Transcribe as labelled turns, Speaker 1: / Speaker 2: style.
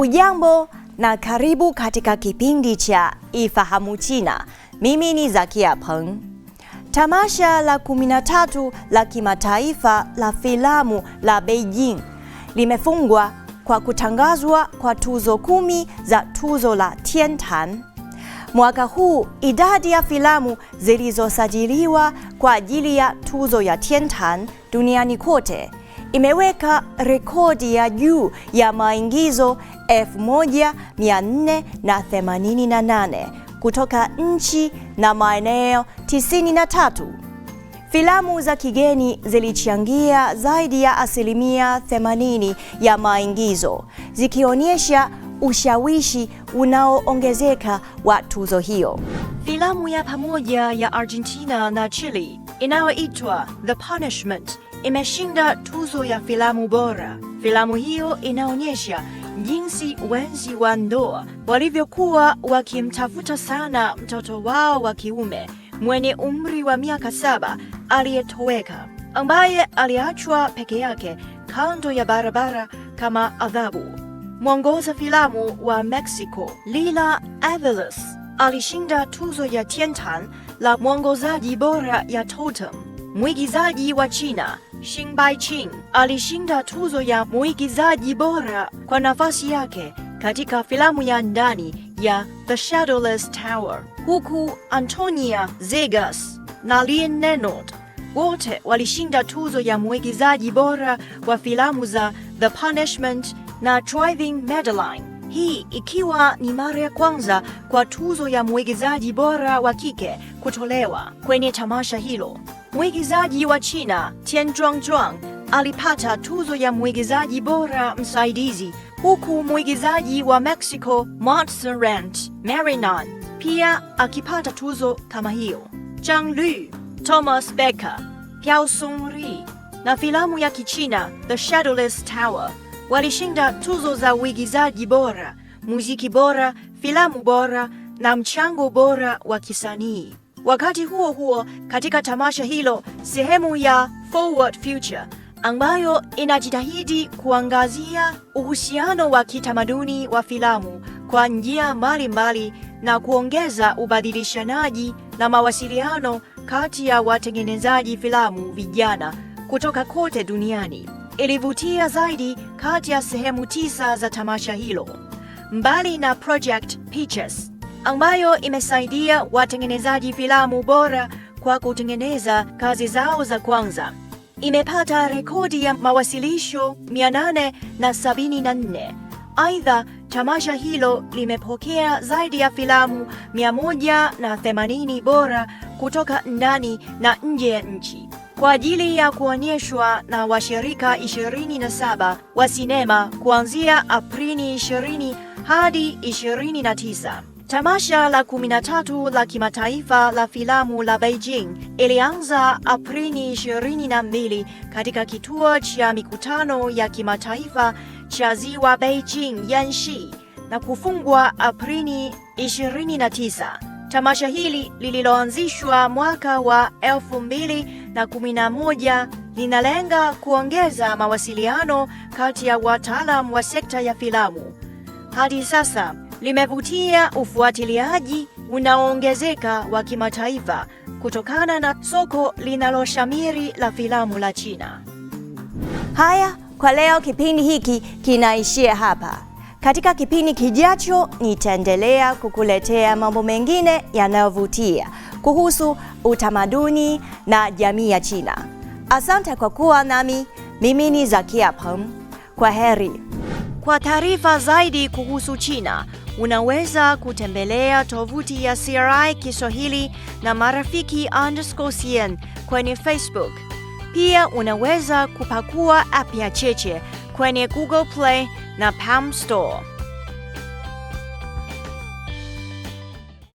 Speaker 1: ujambo na karibu katika kipindi cha Ifahamu China. Mimi ni Zakia Peng. Tamasha la 13 la kimataifa la filamu la Beijing limefungwa kwa kutangazwa kwa tuzo kumi za tuzo la Tiantan. Mwaka huu idadi ya filamu zilizosajiliwa kwa ajili ya tuzo ya Tiantan duniani kote imeweka rekodi ya juu ya maingizo 1488 kutoka nchi na maeneo 93. Filamu za kigeni zilichangia zaidi ya asilimia 80 ya maingizo, zikionyesha ushawishi unaoongezeka wa tuzo hiyo.
Speaker 2: Filamu ya pamoja ya Argentina na Chile inayoitwa The Punishment imeshinda tuzo ya filamu bora. Filamu hiyo inaonyesha jinsi wenzi wa ndoa walivyokuwa wakimtafuta sana mtoto wao wa kiume mwenye umri wa miaka saba aliyetoweka, ambaye aliachwa peke yake kando ya barabara kama adhabu. Mwongoza filamu wa Mexico Lila Avalos alishinda tuzo ya Tiantan la mwongozaji bora ya Totem. Mwigizaji wa China Xing Qing alishinda tuzo ya mwigizaji bora kwa nafasi yake katika filamu ya ndani ya The Shadowless Tower, huku Antonia Zegas na Lien Nenot wote walishinda tuzo ya mwigizaji bora wa filamu za The Punishment na Driving Madeline, hii ikiwa ni mara ya kwanza kwa tuzo ya mwigizaji bora wa kike kutolewa kwenye tamasha hilo. Mwigizaji wa China Tian Zhuangzhuang alipata tuzo ya mwigizaji bora msaidizi, huku mwigizaji wa Mexico Montserrat Marinon pia akipata tuzo kama hiyo. Zhang Lu, Thomas Becker, Piao Sung Ri na filamu ya Kichina The Shadowless Tower walishinda tuzo za uigizaji bora, muziki bora, filamu bora na mchango bora wa kisanii. Wakati huo huo, katika tamasha hilo, sehemu ya Forward Future ambayo inajitahidi kuangazia uhusiano wa kitamaduni wa filamu kwa njia mbalimbali na kuongeza ubadilishanaji na mawasiliano kati ya watengenezaji filamu vijana kutoka kote duniani ilivutia zaidi kati ya sehemu tisa za tamasha hilo. Mbali na Project Pictures ambayo imesaidia watengenezaji filamu bora kwa kutengeneza kazi zao za kwanza. Imepata rekodi ya mawasilisho 874. Aidha, tamasha hilo limepokea zaidi ya filamu 180 bora kutoka ndani na nje ya nchi kwa ajili ya kuonyeshwa na washirika 27 wa sinema kuanzia Aprili 20 hadi 29. Tamasha la 13 la kimataifa la filamu la Beijing ilianza Aprili 22 katika kituo cha mikutano ya kimataifa cha ziwa Beijing nshi na kufungwa Aprili 29. Tamasha hili lililoanzishwa mwaka wa 2011 linalenga kuongeza mawasiliano kati ya wataalam wa sekta ya filamu. Hadi sasa limevutia ufuatiliaji unaoongezeka wa kimataifa kutokana na soko linaloshamiri la filamu la China.
Speaker 1: Haya kwa leo, kipindi hiki kinaishia hapa. Katika kipindi kijacho, nitaendelea kukuletea mambo mengine yanayovutia kuhusu utamaduni na jamii ya China. Asante kwa kuwa nami. Mimi ni Zakia Pam. Kwa heri.
Speaker 3: Kwa taarifa zaidi kuhusu China Unaweza kutembelea tovuti ya CRI Kiswahili na marafiki underscore CN kwenye Facebook. Pia unaweza kupakua app ya Cheche kwenye Google Play na Palm Store.